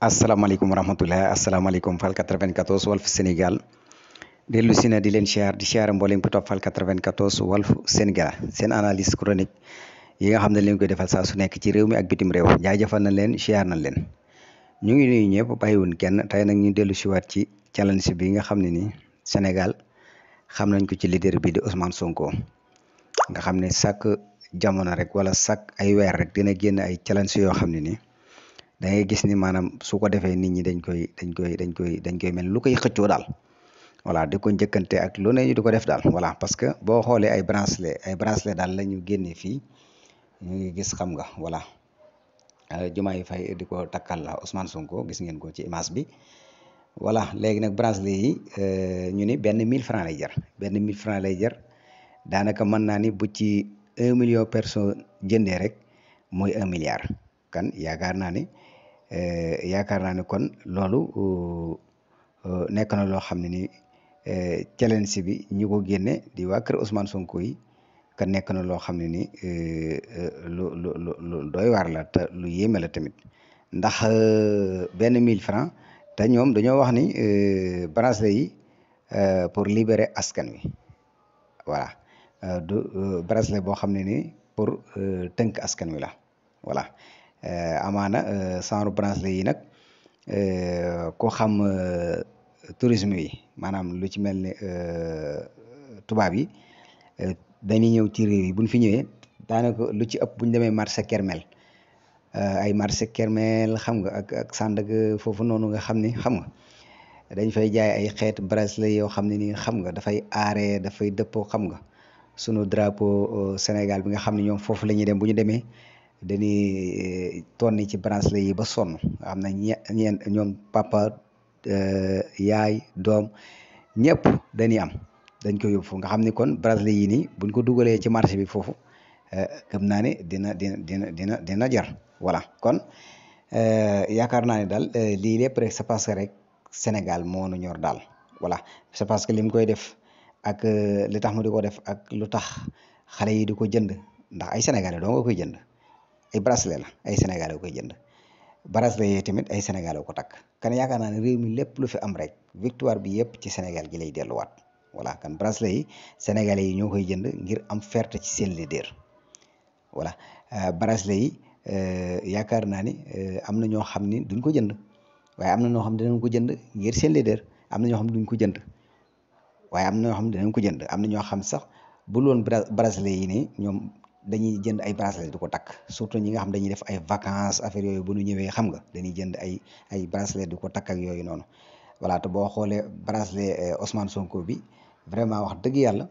asalaamaaleykum wa rahmatulah asalaamaaleykum Fall 94 Walf Sénégal dellu si na di leen siyaar di siyaar mboolem ku topp Fall 94 Walf Sénégal seen analyse chronique yi nga xam ne leen koy defal saa su nekk ci réew mi ak bitim réew jaajëfal nañ leen siyaar na leen ñu ngi nuyu ñëpp bàyyiwun kenn tey nag ñu dellu siwaat ci challenge bi nga xam ne ni Sénégal xam nañ ko ci leader bi di Ousmane Sonko nga xam ne chaque jamono rek wala chaque ay weer rek dina génn ay challenge yoo xam ne nii. da ngay gis ni maanaam su ko defee nit ñi dañ koy dañ koy dañ koy dañ koy mel lu koy xëccoo daal voilà di ko njëkkante ak lu ne ñu di ko def daal voilà parce que boo xoolee ay bracelet ay bracelet daal la ñu génnee fii ñu ngi gis xam nga voilà euh, Diomaye Faye di ko takkal la Ousmane Sonko gis ngeen ko ci image bi voilà léegi nag bracelet yi euh, ñu ni benn mille francs lay jar benn mille francs lay jar daanaka mën naa ni bu ci million personne jëndee rek mooy 1 milliard. kan yaakaar naa ne eh, yaakaar naa ne kon loolu eh, eh, nekk na loo xam ne ni challenge bi ñi ko génne di waa kër Ousmane Sonko ka nekk na loo xam ne ni lu lu lu lu yéeme la tamit ndax benn 1000 francs te ñoom dañoo wax ni bracelet yi pour libérer askan wi voilà du bracelet boo xam ne ni pour tënk askan wi la voilà. Euh, amaana genre bracelet yi nag euh, ko xam euh, tourisme yi maanaam lu ci mel ne tubaab yi dañuy ñëw ci yi bu ñu fi ñëwee daanaka lu ci ëpp buñ demee marché Kermel ay marché Kermel xam nga ak ak Sandaga foofu noonu nga xam ni xam nga dañ fay jaay ay xeet bracelet yoo xam ne nii xam nga dafay aaree dafay dëppoo xam nga sunu drapeau Sénégal bi nga xam ne ñoom foofu la ñuy dem bu ñu demee dañuy eh, tonni ci bracelet yi ba sonn am na ñeen ñoom papa eh, yaay doom ñëpp dañuy am dañ koy yóbbu foofu nga xam ni kon bracelet yii nii buñ ko dugalee ci marché bi foofu eh, gëm naa ne dina dina dina dina dina jar voilà kon yaakaar naa ne daal lii lépp rek c'est parce rek Sénégal moo nu ñor daal voilà c'est parce que lim koy def ak lu tax mu di ko def ak lu tax xale yi di ko jënd ndax ay sénégalais doo koy jënd. ay bracelet la ay sénégalais koy jënd bracelet yooyu tamit ay sénégalais ko takk kan yaakaar naa ne réew mi lépp lu fi am rek victoire bi yëpp ci Sénégal gi lay delluwaat voilà kan bracelet yi sénégalais yi ñoo koy jënd ngir am fierté ci seen leader voilà euh, bracelet yi euh, yaakaar naa ni euh, am na ñoo xam ni duñ ko jënd waaye am na ñoo xam ne dinañ ko jënd ngir seen leader am na ñoo xam ne duñ ko jënd am na ñoo xam ne dinañ ko jënd am na ñoo xam sax bu loon nii ñoom dañuy jënd ay bracelet di ko takk surtout ñi nga xam dañuy def ay vacances affaire yooyu bu ñu ñëwee xam nga dañuy jënd ay ay bracelet di ko takk ak yooyu noonu voilà te boo xoolee bracelet euh, Ousmane Sonko bi vraiment wax dëgg yàlla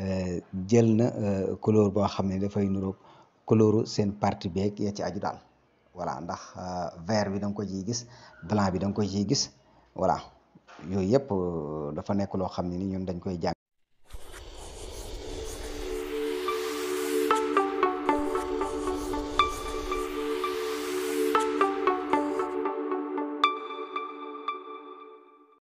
euh, jël na euh, couleur boo xam ne dafay nuroog couleuru seen parti beeg ya ci aju daal voilà ndax vert bi danga nga ko ciy gis blanc bi da nga ko ciy gis voilà yooyu yëpp dafa nekk loo xam ne ni ñun dañ koy jàng.